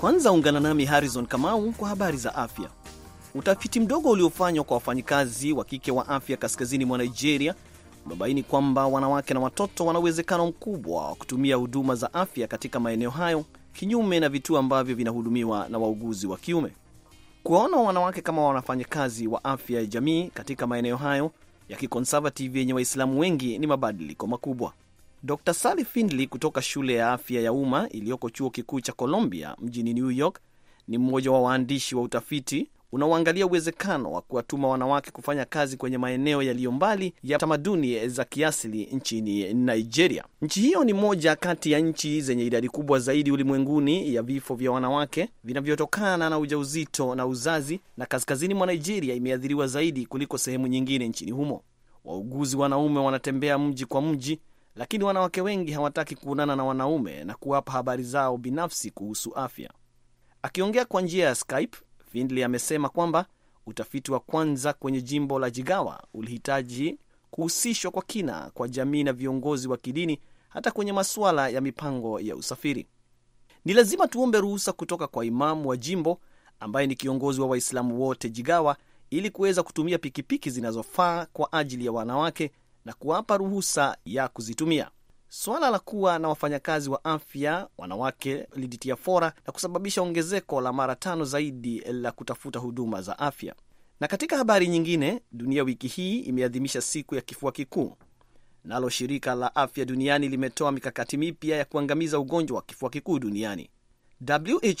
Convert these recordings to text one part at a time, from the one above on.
Kwanza ungana nami Harrison Kamau kwa habari za afya. Utafiti mdogo uliofanywa kwa wafanyikazi wa kike wa afya kaskazini mwa Nigeria umebaini kwamba wanawake na watoto wana uwezekano mkubwa wa kutumia huduma za afya katika maeneo hayo, kinyume na vituo ambavyo vinahudumiwa na wauguzi wa kiume. Kuwaona wanawake kama wanafanyakazi wa afya ya jamii katika maeneo hayo ya kikonservative yenye Waislamu wengi ni mabadiliko makubwa. Dr Sally Findley kutoka shule ya afya ya umma iliyoko chuo kikuu cha Columbia mjini New York ni mmoja wa waandishi wa utafiti unaoangalia uwezekano wa kuwatuma wanawake kufanya kazi kwenye maeneo yaliyo mbali ya tamaduni za kiasili nchini Nigeria. Nchi hiyo ni moja kati ya nchi zenye idadi kubwa zaidi ulimwenguni ya vifo vya wanawake vinavyotokana na ujauzito na uzazi, na kaskazini mwa Nigeria imeathiriwa zaidi kuliko sehemu nyingine nchini humo. Wauguzi wanaume wanatembea mji kwa mji, lakini wanawake wengi hawataki kuonana na wanaume na kuwapa habari zao binafsi kuhusu afya. Akiongea kwa njia ya Skype, Findley amesema kwamba utafiti wa kwanza kwenye jimbo la Jigawa ulihitaji kuhusishwa kwa kina kwa jamii na viongozi wa kidini hata kwenye masuala ya mipango ya usafiri. Ni lazima tuombe ruhusa kutoka kwa imamu wa jimbo ambaye ni kiongozi wa Waislamu wote Jigawa ili kuweza kutumia pikipiki zinazofaa kwa ajili ya wanawake na kuwapa ruhusa ya kuzitumia. Swala la kuwa na wafanyakazi wa afya wanawake lilitia fora na kusababisha ongezeko la mara tano zaidi la kutafuta huduma za afya. Na katika habari nyingine, dunia wiki hii imeadhimisha siku ya kifua kikuu. Nalo shirika la afya duniani limetoa mikakati mipya ya kuangamiza ugonjwa wa kifua kikuu duniani.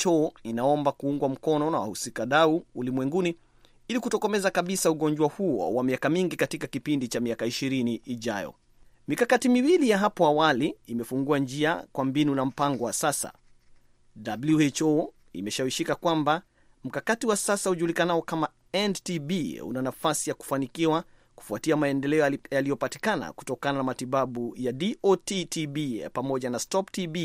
WHO inaomba kuungwa mkono na wahusika dau ulimwenguni ili kutokomeza kabisa ugonjwa huo wa miaka mingi katika kipindi cha miaka 20 ijayo. Mikakati miwili ya hapo awali imefungua njia kwa mbinu na mpango wa sasa. WHO imeshawishika kwamba mkakati wa sasa ujulikanao kama NTB una nafasi ya kufanikiwa kufuatia maendeleo yaliyopatikana kutokana na matibabu ya dottb pamoja na Stop TB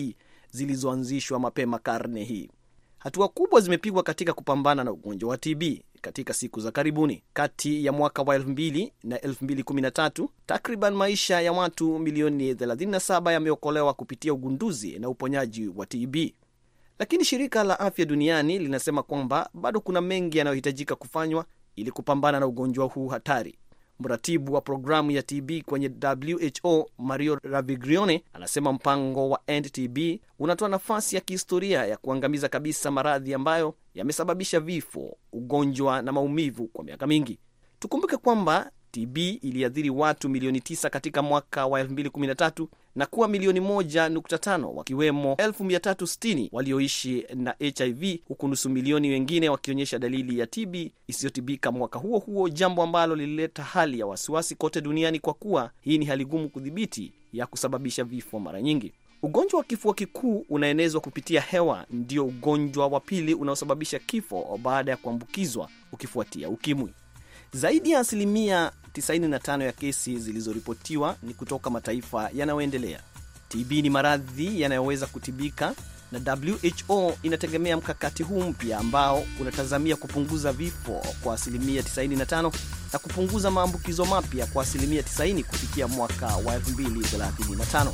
zilizoanzishwa mapema karne hii. Hatua kubwa zimepigwa katika kupambana na ugonjwa wa TB katika siku za karibuni. Kati ya mwaka wa 2000 na 2013, takriban maisha ya watu milioni 37 yameokolewa kupitia ugunduzi na uponyaji wa TB. Lakini shirika la afya duniani linasema kwamba bado kuna mengi yanayohitajika kufanywa ili kupambana na ugonjwa huu hatari. Mratibu wa programu ya TB kwenye WHO Mario ravigrione anasema mpango wa End TB unatoa nafasi ya kihistoria ya kuangamiza kabisa maradhi ambayo yamesababisha vifo, ugonjwa na maumivu kwa miaka mingi. Tukumbuke kwamba TB iliathiri watu milioni 9 katika mwaka wa 2013 na kuwa milioni 1.5 wakiwemo 360 walioishi na HIV huku nusu milioni wengine wakionyesha dalili ya TB isiyotibika mwaka huo huo, jambo ambalo lilileta hali ya wasiwasi kote duniani kwa kuwa hii ni hali gumu kudhibiti ya kusababisha vifo mara nyingi. Ugonjwa wa kifua kikuu unaenezwa kupitia hewa, ndio ugonjwa wa pili unaosababisha kifo baada ya kuambukizwa ukifuatia ukimwi. Zaidi ya asilimia 95 ya kesi zilizoripotiwa ni kutoka mataifa yanayoendelea. TB ni maradhi yanayoweza kutibika na WHO inategemea mkakati huu mpya ambao unatazamia kupunguza vifo kwa asilimia 95 na kupunguza maambukizo mapya kwa asilimia 90 kufikia mwaka wa 2035.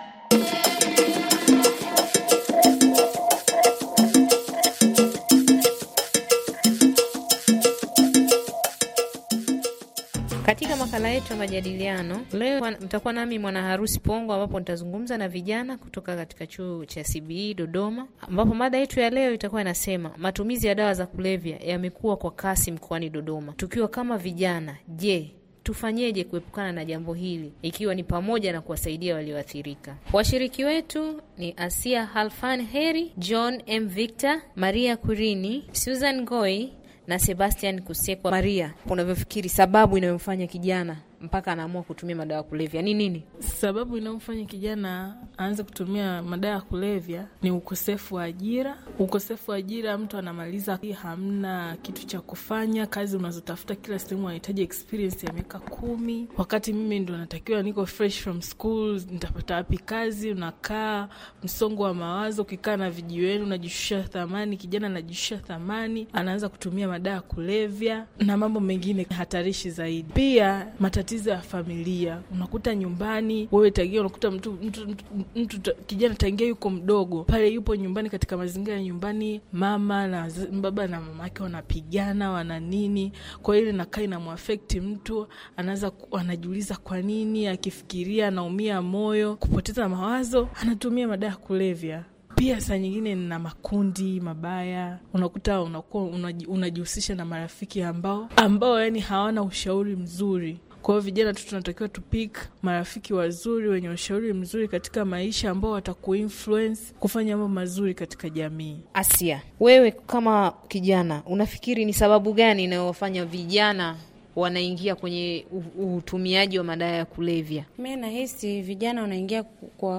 Katika makala yetu ya majadiliano leo, mtakuwa nami Mwana Harusi Pongo, ambapo nitazungumza na vijana kutoka katika chuo cha CBE Dodoma, ambapo mada yetu ya leo itakuwa inasema matumizi ya dawa za kulevya yamekuwa kwa kasi mkoani Dodoma. Tukiwa kama vijana, je, tufanyeje kuepukana na jambo hili ikiwa ni pamoja na kuwasaidia walioathirika? Washiriki wetu ni Asia Halfan Heri, John M Victor, Maria Kurini, Susan Goi na Sebastian Kusekwa Maria, unavyofikiri sababu inayomfanya kijana mpaka anaamua kutumia madawa ya kulevya ni nini? Sababu inayomfanya kijana aanze kutumia madawa ya kulevya ni ukosefu wa ajira. Ukosefu wa ajira, mtu anamaliza, hamna kitu cha kufanya. Kazi unazotafuta kila sehemu anahitaji experience ya miaka kumi, wakati mimi ndo natakiwa niko fresh from school. Nitapata wapi kazi? Unakaa msongo wa mawazo, ukikaa na vijiweni unajishusha thamani. Kijana anajishusha thamani, anaanza kutumia madawa ya kulevya na mambo mengine hatarishi zaidi. Pia matatizo matatizo ya familia. Unakuta nyumbani wewe tangia, unakuta mtu, mtu, mtu, mtu, mtu kijana tangia yuko mdogo pale, yupo nyumbani, katika mazingira ya nyumbani, mama na baba na mama yake wanapigana, wana nini, kwa hiyo inakaa inamwafekti mtu, anaanza anajiuliza kwa nini, akifikiria anaumia moyo, kupoteza mawazo, anatumia madawa ya kulevya. Pia saa nyingine na makundi mabaya, unakuta unakuwa unajihusisha na marafiki ambao ambao yani hawana ushauri mzuri kwa hiyo vijana tu tunatakiwa tupik marafiki wazuri wenye ushauri mzuri katika maisha ambao watakuinfluence kufanya mambo mazuri katika jamii. Asia, wewe kama kijana unafikiri ni sababu gani inayowafanya vijana wanaingia kwenye utumiaji wa madawa ya kulevya? Mi nahisi vijana wanaingia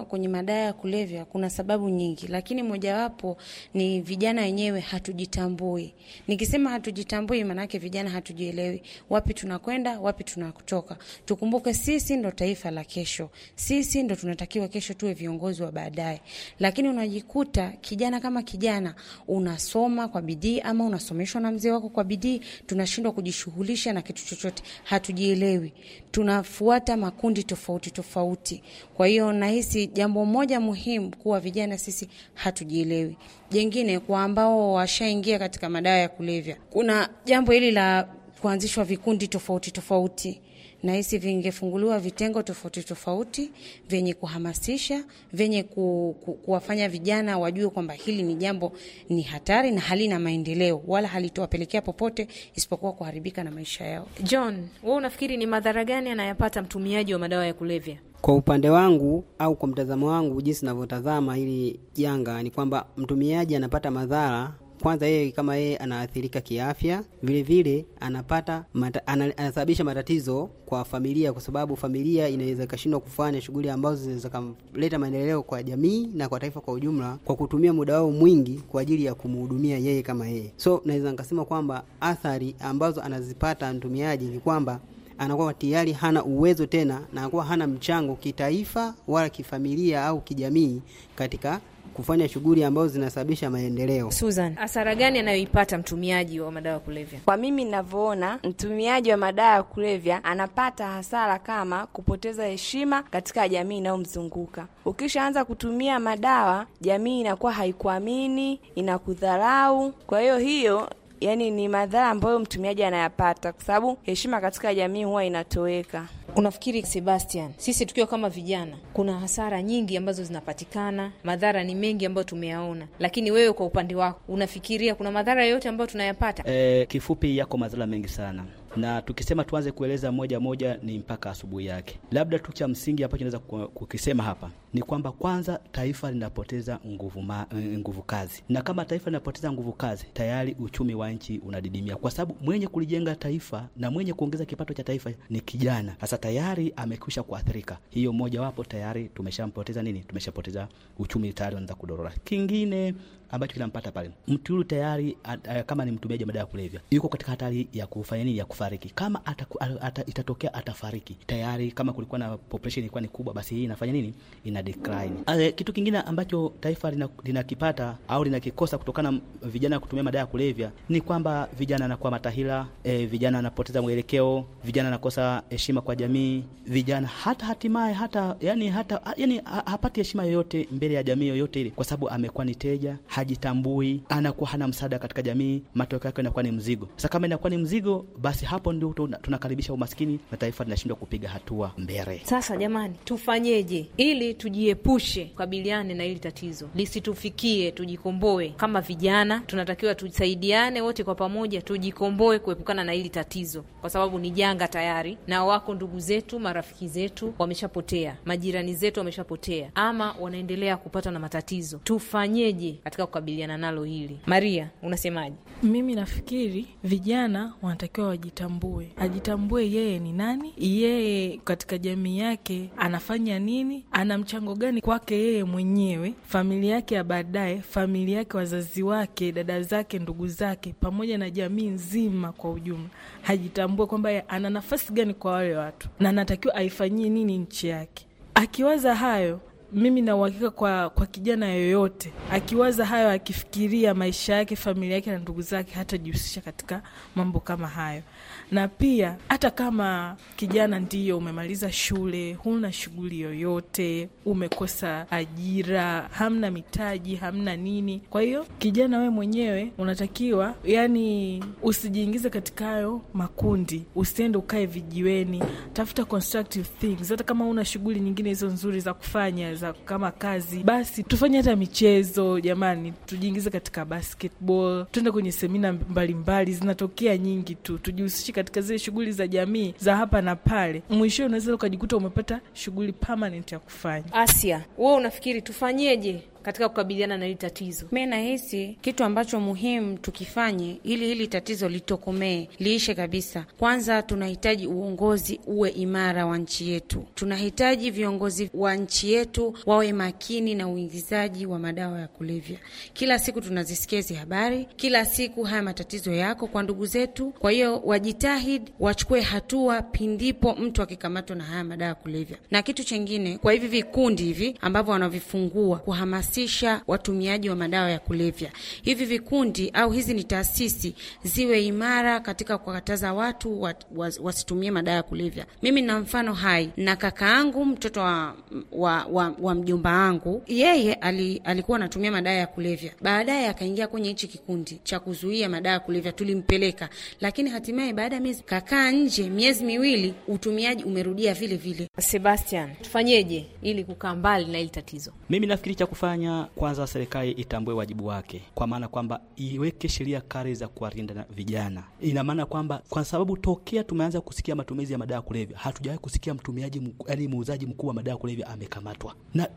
kwenye madawa ya kulevya, kuna sababu nyingi, lakini mojawapo ni vijana wenyewe hatujitambui. Nikisema hatujitambui, maanake vijana hatujielewi, wapi tunakwenda, wapi tunakutoka. Tukumbuke sisi ndo taifa la kesho, sisi ndo tunatakiwa kesho tuwe viongozi wa baadaye, lakini unajikuta kijana kama kijana unasoma kwa bidii ama unasomeshwa na mzee wako kwa bidii, tunashindwa kujishughulisha na kitu chochote, hatujielewi, tunafuata makundi tofauti tofauti. Kwa hiyo nahisi jambo moja muhimu kuwa vijana sisi hatujielewi. Jengine kwa ambao washaingia katika madawa ya kulevya, kuna jambo hili la kuanzishwa vikundi tofauti tofauti nahisi vingefunguliwa vitengo tofauti tofauti vyenye kuhamasisha, vyenye ku, ku, kuwafanya vijana wajue kwamba hili ni jambo ni hatari na halina maendeleo wala halitowapelekea popote isipokuwa kuharibika na maisha yao. John, wewe unafikiri ni madhara gani anayapata mtumiaji wa madawa ya kulevya? Kwa upande wangu au kwa mtazamo wangu, jinsi navyotazama hili janga ni kwamba mtumiaji anapata madhara kwanza yeye kama yeye anaathirika kiafya, vilevile anapata mata, anasababisha matatizo kwa familia, kwa sababu familia inaweza ikashindwa kufanya shughuli ambazo zinaweza kuleta maendeleo kwa jamii na kwa taifa kwa ujumla, kwa kutumia muda wao mwingi kwa ajili ya kumhudumia yeye kama yeye. So naweza nikasema kwamba athari ambazo anazipata mtumiaji ni kwamba anakuwa tayari hana uwezo tena na anakuwa hana mchango kitaifa wala kifamilia au kijamii katika kufanya shughuli ambazo zinasababisha maendeleo. Susan, hasara gani anayoipata mtumiaji wa madawa ya kulevya? Kwa mimi ninavyoona, mtumiaji wa madawa ya kulevya anapata hasara kama kupoteza heshima katika jamii inayomzunguka. Ukishaanza kutumia madawa, jamii inakuwa haikuamini, inakudharau. Kwa hiyo hiyo yani ni madhara ambayo mtumiaji anayapata, kwa sababu heshima katika jamii huwa inatoweka. Unafikiri Sebastian, sisi tukiwa kama vijana, kuna hasara nyingi ambazo zinapatikana, madhara ni mengi ambayo tumeyaona, lakini wewe kwa upande wako unafikiria kuna madhara yoyote ambayo tunayapata? E, kifupi yako madhara mengi sana na tukisema tuanze kueleza moja moja ni mpaka asubuhi yake. Labda tu cha msingi ambacho naweza kukisema hapa ni kwamba kwanza taifa linapoteza nguvu, ma, eh, nguvu kazi, na kama taifa linapoteza nguvu kazi tayari uchumi wa nchi unadidimia, kwa sababu mwenye kulijenga taifa na mwenye kuongeza kipato cha taifa ni kijana. Sasa tayari amekwisha kuathirika, hiyo mojawapo tayari tumeshampoteza nini, tumeshapoteza uchumi tayari unaanza kudorora. Kingine ambacho kinampata pale mtu yule tayari a, a, kama ni mtumiaji madawa ya kulevya yuko katika hatari ya kufanya nini, ya kufariki. Kama ataku, a, a, itatokea atafariki tayari, kama kulikuwa na population ilikuwa ni kubwa, basi hii inafanya nini, ina decline. Ale, ah, eh, Kitu kingine ambacho taifa linakipata lina au linakikosa kutokana vijana kutumia madawa ya kulevya ni kwamba vijana anakuwa matahila e, eh, vijana anapoteza mwelekeo, vijana anakosa heshima kwa jamii, vijana hata hatimaye hata yani hata yani hapati heshima yoyote mbele ya jamii yoyote ile, kwa sababu amekuwa ni teja, hajitambui, anakuwa hana msaada katika jamii. Matokeo yake inakuwa ni mzigo. Sasa kama inakuwa ni mzigo, basi hapo ndio tunakaribisha umaskini na taifa linashindwa kupiga hatua mbele. Sasa jamani, tufanyeje ili tu tujiepushe, kukabiliane na hili tatizo lisitufikie, tujikomboe. Kama vijana, tunatakiwa tusaidiane wote kwa pamoja, tujikomboe kuepukana na hili tatizo, kwa sababu ni janga tayari, na wako ndugu zetu, marafiki zetu wameshapotea, majirani zetu wameshapotea, ama wanaendelea kupatwa na matatizo. Tufanyeje katika kukabiliana nalo hili? Maria, unasemaje? Mimi nafikiri vijana wanatakiwa wajitambue, ajitambue yeye ni nani, yeye katika jamii yake anafanya nini, anamcha mchango gani kwake yeye mwenyewe, familia yake ya baadaye, familia yake, wazazi wake, dada zake, ndugu zake, pamoja na jamii nzima kwa ujumla. Hajitambue kwamba ana nafasi gani kwa wale watu na anatakiwa aifanyie nini nchi yake. Akiwaza hayo mimi na uhakika kwa, kwa kijana yoyote akiwaza hayo, akifikiria maisha yake, familia yake na ndugu zake, hatajihusisha katika mambo kama hayo. Na pia hata kama kijana ndiyo umemaliza shule, huna shughuli yoyote, umekosa ajira, hamna mitaji, hamna nini, kwa hiyo kijana we mwenyewe unatakiwa yani, usijiingize katika hayo makundi, usiende ukae vijiweni, tafuta constructive things, hata kama una shughuli nyingine hizo nzuri za kufanya za kama kazi, basi tufanye hata michezo jamani, tujiingize katika basketball, tuende kwenye semina mbalimbali, zinatokea nyingi tu, tujihusishe katika zile shughuli za jamii za hapa na pale. Mwishowe unaweza ukajikuta umepata shughuli permanent ya kufanya. Asia, wewe unafikiri tufanyeje? katika kukabiliana na hili tatizo. Mi nahisi kitu ambacho muhimu tukifanye ili hili tatizo litokomee, liishe kabisa, kwanza tunahitaji uongozi uwe imara wa nchi yetu. Tunahitaji viongozi wa nchi yetu wawe makini na uingizaji wa madawa ya kulevya. Kila siku tunazisikia hizi habari, kila siku haya matatizo yako kwa ndugu zetu. Kwa hiyo wajitahidi, wachukue hatua pindipo mtu akikamatwa na haya madawa ya kulevya. Na kitu chengine, kwa hivi vikundi hivi ambavyo wanavifungua kuhamasisha kuhamasisha watumiaji wa madawa ya kulevya. Hivi vikundi au hizi ni taasisi ziwe imara katika kuwakataza watu wat, wasitumie madawa ya kulevya. Mimi na mfano hai na kaka kakaangu mtoto wa, wa, wa, wa mjomba angu, yeye ali, alikuwa anatumia madawa ya kulevya, baadaye akaingia kwenye hichi kikundi cha kuzuia madawa ya kulevya. Tulimpeleka, lakini hatimaye baada ya miezi kakaa nje miezi miwili, utumiaji umerudia vile vile. Sebastian, tufanyeje ili kukaa mbali na hili tatizo? Mimi nafikiri cha kufanya kufanya, kwanza serikali itambue wajibu wake, kwa maana kwamba iweke sheria kali za kuwalinda vijana. Ina maana kwamba kwa sababu tokea tumeanza kusikia matumizi ya madawa kulevya, hatujawahi kusikia mtumiaji, mku, yani muuzaji mkuu wa madawa kulevya amekamatwa, na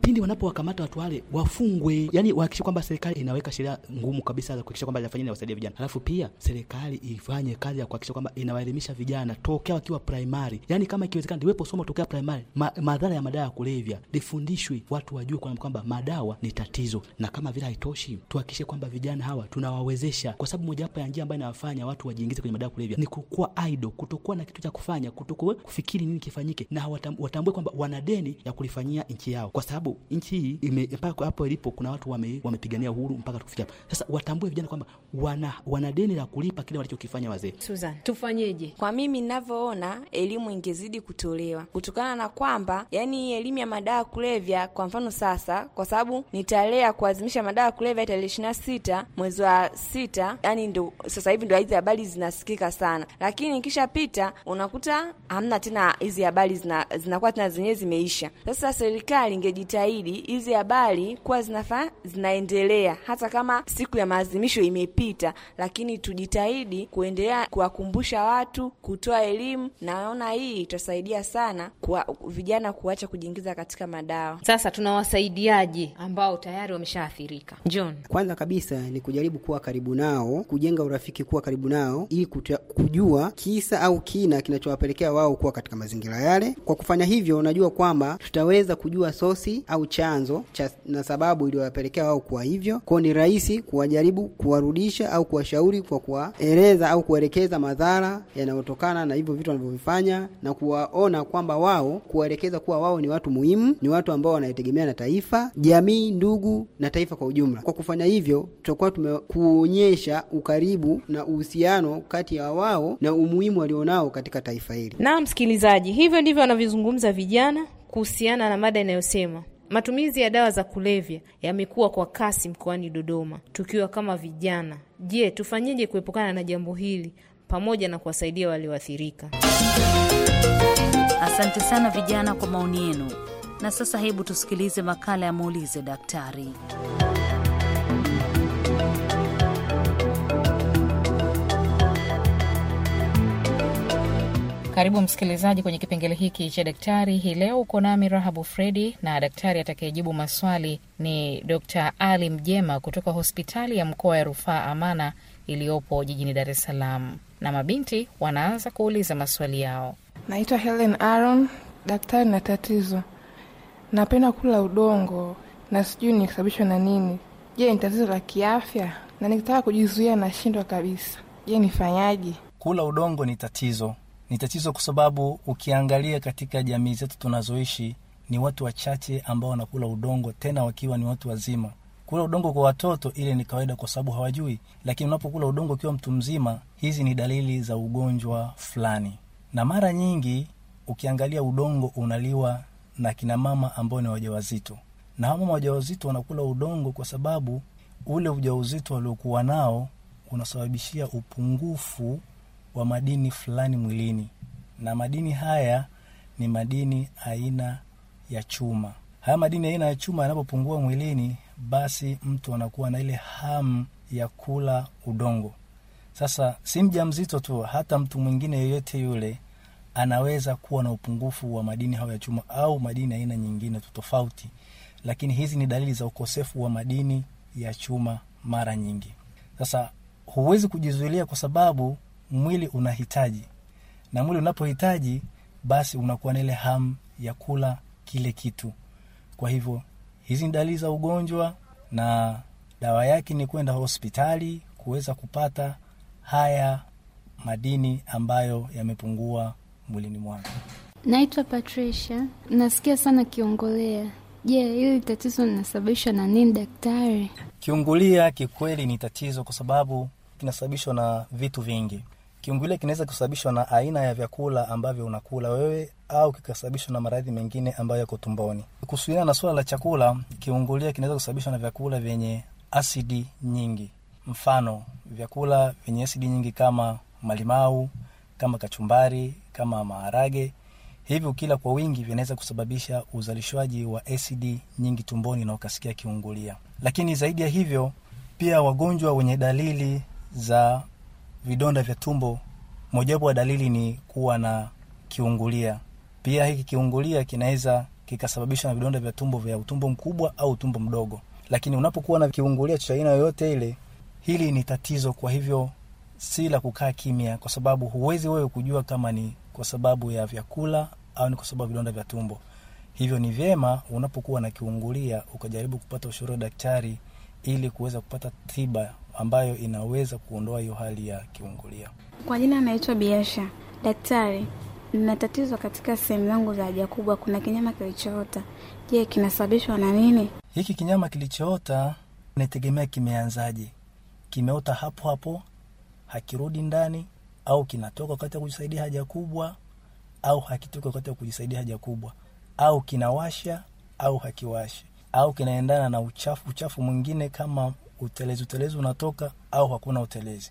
pindi wanapowakamata watu wale wafungwe, yani wahakikishe kwamba serikali inaweka sheria ngumu kabisa za kuhakikisha kwamba inafanya inafanyia wasaidia vijana. Alafu pia serikali ifanye kazi ya kuhakikisha kwamba inawaelimisha vijana tokea wakiwa primary, yani kama ikiwezekana ndiwepo somo tokea primary, ma, madhara ya madawa ya kulevya lifundishwe, watu wajue kwamba madawa dawa ni tatizo, na kama vile haitoshi, tuhakikishe kwamba vijana hawa tunawawezesha, kwa sababu mojawapo ya njia ambayo inawafanya watu wajiingize kwenye madawa kulevya ni kukuwa aido, kutokuwa na kitu cha kufanya, kutokuwa kufikiri nini kifanyike, na watambue kwamba wana deni ya kulifanyia nchi yao, kwa sababu nchi hii mpaka hapo ilipo kuna watu wame, wamepigania uhuru mpaka tukufikia hapa. Sasa watambue vijana kwamba wana, wana deni la kulipa kile walichokifanya wazee. Susan, tufanyeje? Kwa mimi ninavyoona, elimu ingezidi kutolewa kutokana na kwamba yani elimu ya madawa kulevya, kwa mfano sasa, kwa sababu sababu ni tarehe ya kuadhimisha madawa ya kulevya tarehe ishirini na sita mwezi wa sita, yani ndo sasa hivi ndo hizi habari zinasikika sana, lakini kishapita unakuta hamna tena hizi habari zinakuwa zina tena zenyewe zimeisha. Sasa serikali ingejitahidi hizi habari kuwa zinafa zinaendelea hata kama siku ya maadhimisho imepita, lakini tujitahidi kuendelea kuwakumbusha watu, kutoa elimu. Naona hii itasaidia sana kwa vijana kuacha kujiingiza katika madawa. Sasa tunawasaidiaje ambao tayari wameshaathirika? John, kwanza kabisa ni kujaribu kuwa karibu nao, kujenga urafiki, kuwa karibu nao ili kujua kisa au kina kinachowapelekea wao kuwa katika mazingira yale. Kwa kufanya hivyo, unajua kwamba tutaweza kujua sosi au chanzo cha na sababu iliyowapelekea wao kuwa hivyo, kwao ni rahisi kuwajaribu kuwarudisha au kuwashauri kwa kuwaeleza au kuwaelekeza madhara yanayotokana na hivyo vitu wanavyovifanya na kuwaona kwamba wao, kuwaelekeza kuwa wao ni watu muhimu, ni watu ambao wanaitegemea na taifa ja jamii, ndugu na taifa kwa ujumla. Kwa kufanya hivyo, tutakuwa tumekuonyesha ukaribu na uhusiano kati ya wao na umuhimu walionao katika taifa hili. Na msikilizaji, hivyo ndivyo wanavyozungumza vijana kuhusiana na mada inayosema matumizi ya dawa za kulevya yamekuwa kwa kasi mkoani Dodoma. Tukiwa kama vijana, je, tufanyeje kuepukana na jambo hili pamoja na kuwasaidia walioathirika? Asante sana vijana kwa maoni yenu. Na sasa hebu tusikilize makala ya muulize daktari. Karibu msikilizaji kwenye kipengele hiki cha daktari. Hii leo uko nami Rahabu Fredi, na daktari atakayejibu maswali ni Dr Ali Mjema kutoka hospitali ya mkoa ya rufaa Amana iliyopo jijini Dar es Salaam, na mabinti wanaanza kuuliza maswali yao. Naitwa Helen Aaron. Daktari, na tatizo Napenda kula udongo na sijui nikisababishwa na nini. Je, ni tatizo la kiafya? Na nikitaka kujizuia nashindwa kabisa. Je, nifanyaje? Kula udongo ni tatizo, ni tatizo kwa sababu ukiangalia katika jamii zetu tunazoishi ni watu wachache ambao wanakula udongo, tena wakiwa ni watu wazima. Kula udongo kwa watoto ile ni kawaida, kwa sababu hawajui, lakini unapokula udongo ukiwa mtu mzima, hizi ni dalili za ugonjwa fulani. Na mara nyingi ukiangalia udongo unaliwa na kina mama ambao ni wajawazito, na hawa mama wajawazito wanakula udongo kwa sababu ule ujauzito waliokuwa nao unasababishia upungufu wa madini fulani mwilini, na madini haya ni madini aina ya chuma. Haya madini aina ya chuma yanapopungua mwilini, basi mtu anakuwa na ile hamu ya kula udongo. Sasa si mja mzito tu, hata mtu mwingine yeyote yule anaweza kuwa na upungufu wa madini hayo ya chuma au madini aina nyingine tofauti, lakini hizi ni dalili za ukosefu wa madini ya chuma mara nyingi. Sasa huwezi kujizuilia kwa sababu mwili unahitaji, na mwili unapohitaji basi unakuwa na ile hamu ya kula kile kitu. Kwa hivyo hizi ni dalili za ugonjwa, na dawa yake ni kwenda hospitali kuweza kupata haya madini ambayo yamepungua mwilini mwangu. Naitwa Patricia, nasikia sana kiongolea. Je, yeah, hili tatizo linasababishwa na nini daktari? Kiungulia kikweli ni tatizo kwa sababu kinasababishwa na vitu vingi. Kiungulia kinaweza kusababishwa na aina ya vyakula ambavyo unakula wewe au kikasababishwa na maradhi mengine ambayo yako tumboni. Kuhusiana na suala la chakula, kiungulia kinaweza kusababishwa na vyakula vyenye asidi nyingi, mfano vyakula vyenye asidi nyingi kama malimau kama kachumbari, kama maharage. Hivi ukila kwa wingi vinaweza kusababisha uzalishwaji wa asidi nyingi tumboni na ukasikia kiungulia. Lakini zaidi ya hivyo, pia wagonjwa wenye dalili za vidonda vya tumbo, mojawapo wa dalili ni kuwa na kiungulia. Pia hiki kiungulia kinaweza kikasababishwa na vidonda vya tumbo vya utumbo mkubwa au utumbo mdogo. Lakini unapokuwa na kiungulia cha aina yoyote ile, hili ni tatizo. Kwa hivyo si la kukaa kimya, kwa sababu huwezi wewe kujua kama ni kwa sababu ya vyakula au ni kwa sababu ya vidonda vya tumbo. Hivyo ni vyema unapokuwa na kiungulia ukajaribu kupata ushauri wa daktari ili kuweza kupata tiba ambayo inaweza kuondoa hiyo hali ya kiungulia. Kwa jina anaitwa Biasha. Daktari, nina tatizo katika sehemu zangu za haja kubwa, kuna kinyama kilichoota. Je, kinasababishwa na nini? Hiki kinyama kilichoota inategemea kimeanzaje, kimeota hapo hapo hakirudi ndani au kinatoka wakati wa kujisaidia haja kubwa au hakitoki wakati wa kujisaidia haja kubwa au kinawasha au hakiwashi au kinaendana na uchafu uchafu mwingine kama utelezi utelezi unatoka au hakuna utelezi.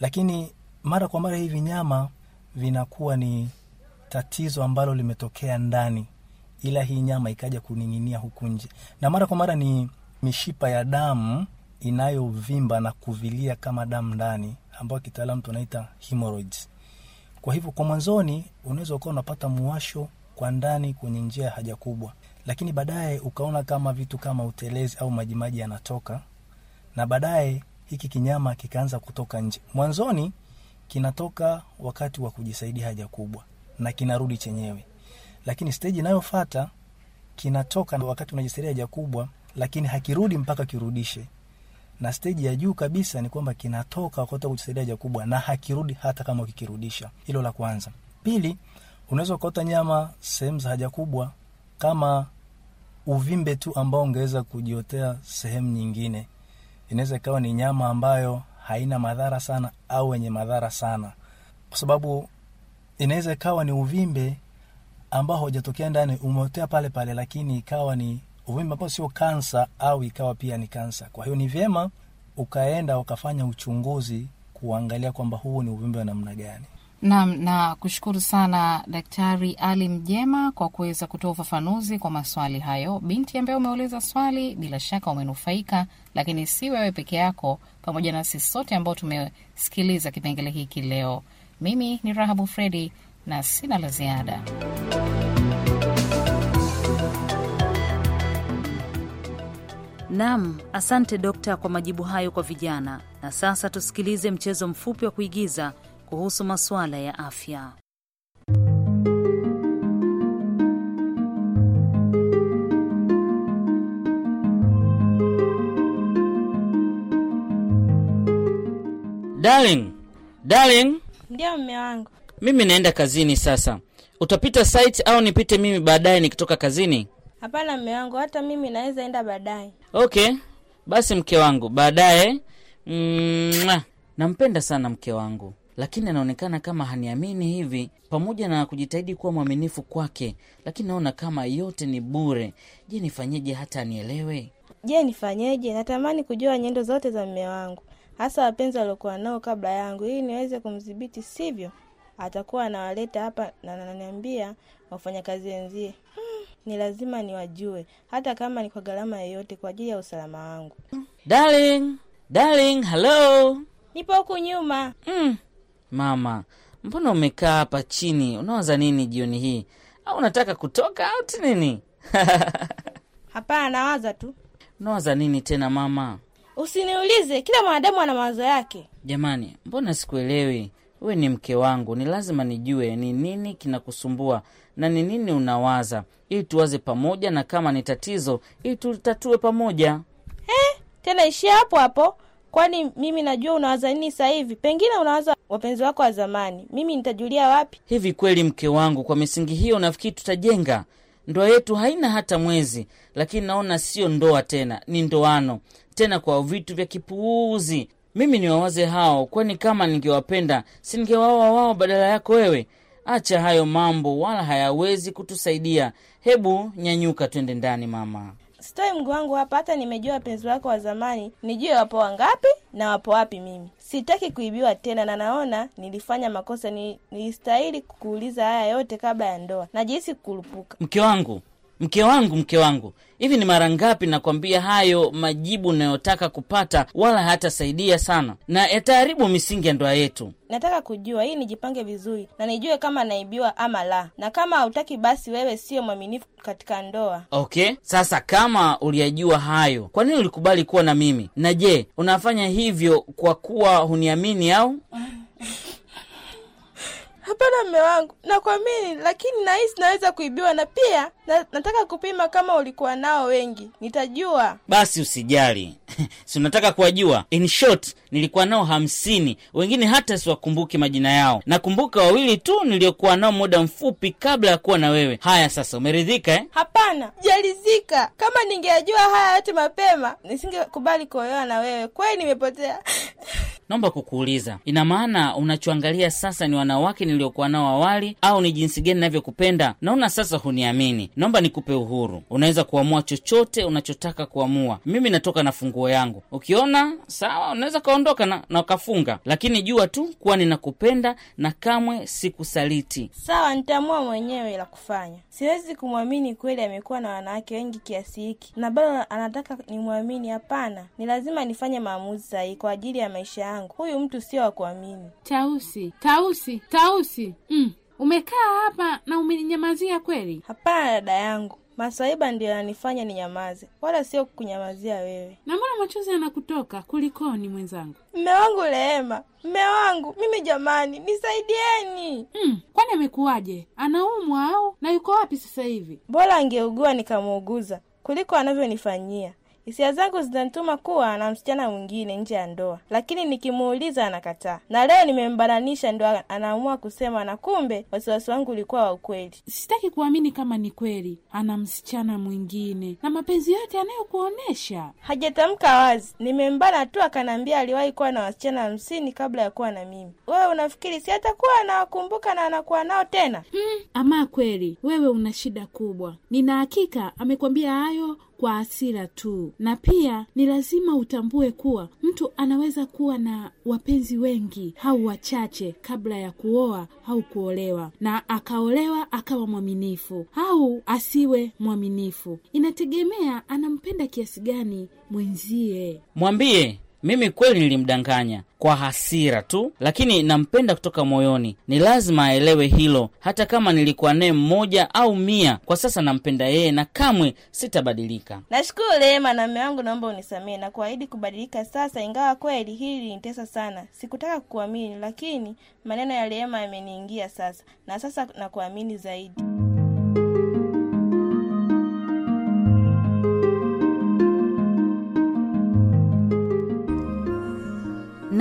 Lakini mara kwa mara hivi vinyama vinakuwa ni tatizo ambalo limetokea ndani, ila hii nyama ikaja kuning'inia huku nje, na mara kwa mara ni mishipa ya damu inayovimba na kuvilia kama damu ndani ambao kitaalamu tunaita hemorrhoids. Kwa hivyo kwa mwanzoni unaweza ukawa unapata muwasho kwa ndani kwenye njia ya haja kubwa, lakini baadaye ukaona kama vitu kama utelezi au majimaji yanatoka, na baadaye hiki kinyama kikaanza kutoka nje. Mwanzoni kinatoka wakati wa kujisaidia haja kubwa na kinarudi chenyewe, lakini steji inayofata kinatoka wakati unajisaidia haja kubwa, lakini hakirudi mpaka kirudishe na steji ya juu kabisa ni kwamba kinatoka kwenda kukusaidia haja kubwa na hakirudi hata kama ukikirudisha. Hilo la kwanza. Pili, unaweza ukaota nyama sehemu za haja kubwa kama uvimbe tu ambao ungeweza kujiotea sehemu nyingine. Inaweza ikawa ni nyama ambayo haina madhara sana au wenye madhara sana, kwa sababu inaweza ikawa ni uvimbe ambao haujatokea ndani, umeotea pale pale, lakini ikawa ni uvimbe ambao sio kansa au ikawa pia ni kansa. Kwa hiyo ni vyema ukaenda ukafanya uchunguzi kuangalia kwamba huu ni uvimbe wa namna gani. Naam, na kushukuru sana Daktari Ali Mjema kwa kuweza kutoa ufafanuzi kwa maswali hayo. Binti ambaye umeuliza swali, bila shaka umenufaika, lakini si wewe peke yako, pamoja na sisi sote ambao tumesikiliza kipengele hiki leo. Mimi ni Rahabu Fredi na sina la ziada. Nam, asante dokta kwa majibu hayo kwa vijana. Na sasa tusikilize mchezo mfupi wa kuigiza kuhusu masuala ya afya. Darling, darling. Ndio mme wangu. Mimi naenda kazini sasa, utapita site au nipite mimi baadaye nikitoka kazini? Hapana mme wangu, hata mimi naweza enda baadaye. Okay, basi mke wangu baadaye. Mm, nampenda sana mke wangu, lakini anaonekana kama haniamini hivi, pamoja na kujitahidi kuwa mwaminifu kwake, lakini naona kama yote ni bure. Je, nifanyeje hata anielewe? Je, nifanyeje? Natamani kujua nyendo zote za mme wangu, hasa wapenzi waliokuwa nao kabla yangu, ili niweze kumdhibiti, sivyo atakuwa anawaleta hapa na ananiambia wafanyakazi wenzie. hmm ni lazima niwajue, hata kama ni kwa gharama yoyote, kwa ajili ya usalama wangu. Darling, darling, hello, nipo huku nyuma. Mm, mama, mbona umekaa hapa chini? Unawaza nini jioni hii? Au unataka kutoka ti nini? Hapana, nawaza tu. Unawaza nini tena mama? Usiniulize, kila mwanadamu ana mawazo yake. Jamani, mbona sikuelewi? huwe ni mke wangu, ni lazima nijue ni nini kinakusumbua na ni nini unawaza, ili tuwaze pamoja, na kama ni tatizo, ili tulitatue pamoja. He, tena ishia hapo hapo, kwani mimi najua unawaza nini sasa hivi. Pengine unawaza wapenzi wako wa zamani, mimi nitajulia wapi? Hivi kweli, mke wangu, kwa misingi hiyo nafikiri tutajenga ndoa yetu haina hata mwezi, lakini naona sio ndoa tena, ni ndoano tena kwa vitu vya kipuuzi. Mimi niwawaze hao, kwani kama ningewapenda singewaoa wao badala yako wewe? Acha hayo mambo, wala hayawezi kutusaidia. Hebu nyanyuka, twende ndani mama. Sitoi mguu wangu hapa, hata nimejua wapenzi wako wa zamani, nijue wapo wangapi na wapo wapi. Mimi sitaki kuibiwa tena, na naona nilifanya makosa. Nilistahili kukuuliza haya yote kabla ya ndoa. Najihisi kukurupuka. Mke wangu, mke wangu, mke wangu, Hivi ni mara ngapi nakwambia, hayo majibu unayotaka kupata wala hatasaidia sana na yataharibu misingi ya ndoa yetu. Nataka kujua hii, nijipange vizuri na nijue kama naibiwa ama la, na kama hautaki basi wewe sio mwaminifu katika ndoa. Okay, sasa kama uliyajua hayo, kwa nini ulikubali kuwa na mimi? Na je, unafanya hivyo kwa kuwa huniamini au Hapana mme wangu, nakwamini, lakini nahisi naweza kuibiwa, na pia na, nataka kupima kama ulikuwa nao wengi, nitajua. Basi usijali si unataka kuwajua. In short, nilikuwa nao hamsini, wengine hata siwakumbuki majina yao. Nakumbuka wawili tu niliokuwa nao muda mfupi kabla ya kuwa na wewe. Haya, sasa umeridhika eh? Hapana, jalizika. Kama ningeyajua haya yote mapema, nisingekubali kuolewa na wewe. Kweli nimepotea. Naomba kukuuliza, ina maana unachoangalia sasa ni wanawake niliokuwa nao awali, au ni jinsi gani navyokupenda? Naona sasa huniamini. Naomba nikupe uhuru, unaweza kuamua chochote unachotaka kuamua. Mimi natoka na funguo yangu, ukiona sawa unaweza ukaondoka na, na ukafunga, lakini jua tu kuwa ninakupenda na kamwe sikusaliti. Sawa, nitaamua mwenyewe la kufanya. Siwezi kumwamini kweli, amekuwa na wanawake wengi kiasi hiki na bado anataka nimwamini? Hapana, ni lazima nifanye maamuzi sahihi kwa ajili ya maisha yangu. Huyu mtu sio wa kuamini. Tausi, Tausi, Tausi, mm. Umekaa hapa na umeninyamazia kweli? Hapana dada yangu, Masaiba ndiyo yananifanya ninyamaze, wala sio kukunyamazia wewe. Na mbona machozi yanakutoka? Kulikoni mwenzangu? Mme wangu Rehema, mme wangu mimi, jamani, nisaidieni. Hmm, kwani amekuwaje? Anaumwa au na yuko wapi sasa hivi? Bora angeugua nikamuuguza kuliko anavyonifanyia. Hisia zangu zinantuma kuwa na msichana mwingine nje ya ndoa, lakini nikimuuliza anakataa, na leo nimembananisha, ndo anaamua kusema, na kumbe wasiwasi wangu ulikuwa wa ukweli. Sitaki kuamini kama ni kweli ana msichana mwingine na mapenzi yote anayokuonesha hajatamka wazi, nimembana tu, akanaambia aliwahi kuwa na wasichana hamsini kabla ya kuwa na mimi. Wewe unafikiri si atakuwa anawakumbuka na anakuwa nao tena? Hmm, ama kweli wewe una shida kubwa. Nina hakika amekwambia hayo kwa hasira tu, na pia ni lazima utambue kuwa mtu anaweza kuwa na wapenzi wengi au wachache kabla ya kuoa au kuolewa, na akaolewa akawa mwaminifu au asiwe mwaminifu. Inategemea anampenda kiasi gani mwenzie. Mwambie mimi kweli nilimdanganya kwa hasira tu, lakini nampenda kutoka moyoni. Ni lazima aelewe hilo, hata kama nilikuwa naye mmoja au mia. Kwa sasa nampenda yeye na kamwe sitabadilika. Nashukuru Rehema na mme wangu, naomba unisamehe na kuahidi kubadilika sasa, ingawa kweli hili linitesa sana. Sikutaka kukuamini, lakini maneno ya Rehema yameniingia sasa, na sasa nakuamini zaidi.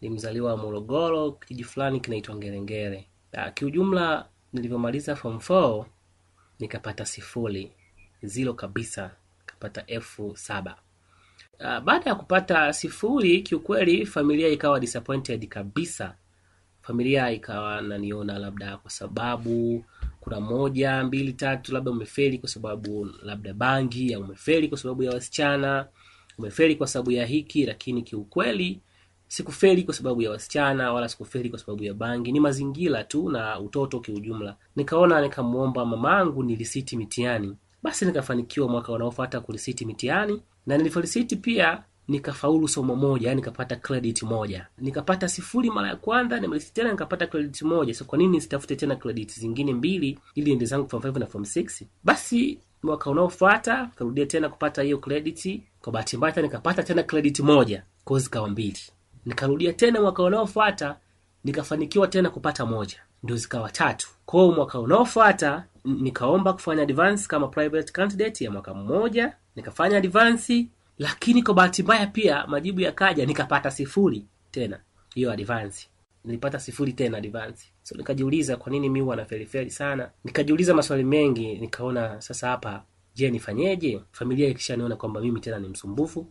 ni mzaliwa wa Morogoro, kijiji fulani kinaitwa Ngerengere. Ah, kiujumla, nilivyomaliza form 4 nikapata sifuri zilo kabisa, kapata F7. Ah, baada ya kupata sifuri, kiukweli familia ikawa disappointed kabisa. Familia ikawa naniona labda kwa sababu kuna moja mbili tatu, labda umefeli kwa sababu labda bangi, au umefeli kwa sababu ya wasichana, umefeli kwa sababu ya hiki. Lakini kiukweli sikuferi kwa sababu ya wasichana wala sikuferi kwa sababu ya bangi, ni mazingira tu na utoto kiujumla. Nikaona nikamwomba mamaangu nilisiti mitiani basi nikafanikiwa mwaka unaofuata kulisiti mitiani na nilifalisiti pia nikafaulu somo moja, yani nikapata credit moja. Nikapata sifuri mara ya kwanza, nimelisiti tena nikapata credit moja. So kwa nini sitafute tena credit zingine mbili ili ende zangu form 5 na form 6? Basi mwaka unaofuata karudia tena kupata hiyo credit. Kwa bahati mbaya nikapata tena credit moja, kwa zikawa mbili. Nikarudia tena mwaka unaofuata nikafanikiwa tena kupata moja, ndio zikawa tatu. Kwa hiyo mwaka unaofuata nikaomba kufanya advance kama private candidate ya mwaka mmoja, nikafanya advance, lakini kwa bahati mbaya pia majibu yakaja, nikapata sifuri tena hiyo advance nilipata sifuri tena advance. So nikajiuliza kwa nini mimi huwa sana? Nikajiuliza maswali mengi, nikaona sasa hapa, je, nifanyeje? Familia ikishaniona kwamba mimi tena ni msumbufu,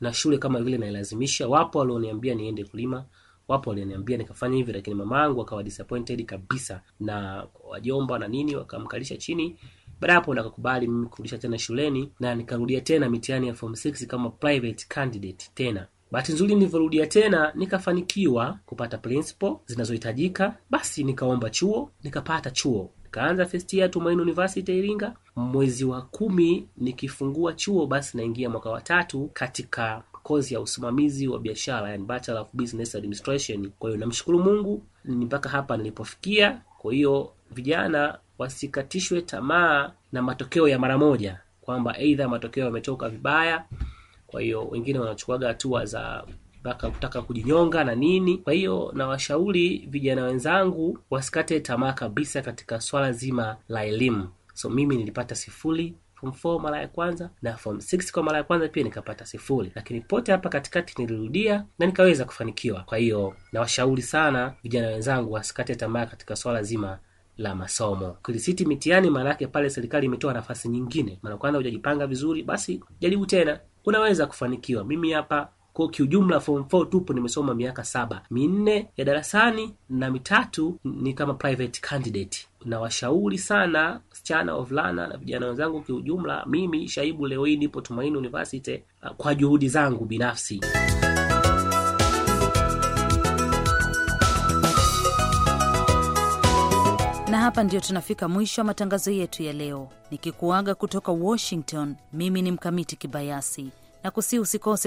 na shule kama vile nailazimisha. Wapo walioniambia niende kulima, wapo walioniambia nikafanya hivi, lakini mamangu akawa disappointed kabisa na wajomba na nini, wakamkalisha chini. Baada hapo nakakubali mimi kurudisha tena shuleni na nikarudia tena mitihani ya form 6 kama private candidate tena. Bahati nzuri nilivyorudia tena nikafanikiwa kupata principal zinazohitajika, basi nikaomba chuo nikapata chuo. Nikaanza first year Tumaini University Iringa, mwezi wa kumi nikifungua chuo basi naingia mwaka wa tatu katika kozi ya usimamizi wa biashara, yani Bachelor of Business Administration. Kwa hiyo namshukuru Mungu mpaka hapa nilipofikia. Kwa hiyo vijana wasikatishwe tamaa na matokeo ya mara moja, kwamba aidha matokeo yametoka vibaya. Kwa hiyo wengine wanachukuaga hatua za mpaka kutaka kujinyonga na nini. Kwa hiyo nawashauri vijana wenzangu wasikate tamaa kabisa katika swala zima la elimu. So mimi nilipata sifuri form 4 mara ya kwanza na form 6 kwa mara ya kwanza pia nikapata sifuri, lakini pote hapa katikati nilirudia na nikaweza kufanikiwa. Kwa hiyo nawashauri sana vijana wenzangu wasikate tamaa katika swala zima la masomo. Kulisiti mitihani, maana pale serikali imetoa nafasi nyingine, maana kwanza hujajipanga vizuri, basi jaribu tena, unaweza kufanikiwa. Mimi hapa kwa kiujumla form 4 tupo nimesoma miaka saba, minne ya darasani na mitatu ni kama private candidate. Nawashauri sana wasichana, wavulana na vijana wenzangu kiujumla. Mimi Shaibu leo hii nipo Tumaini University uh, kwa juhudi zangu binafsi. Na hapa ndio tunafika mwisho wa matangazo yetu ya leo, nikikuaga kutoka Washington. Mimi ni Mkamiti Kibayasi na kusi usikose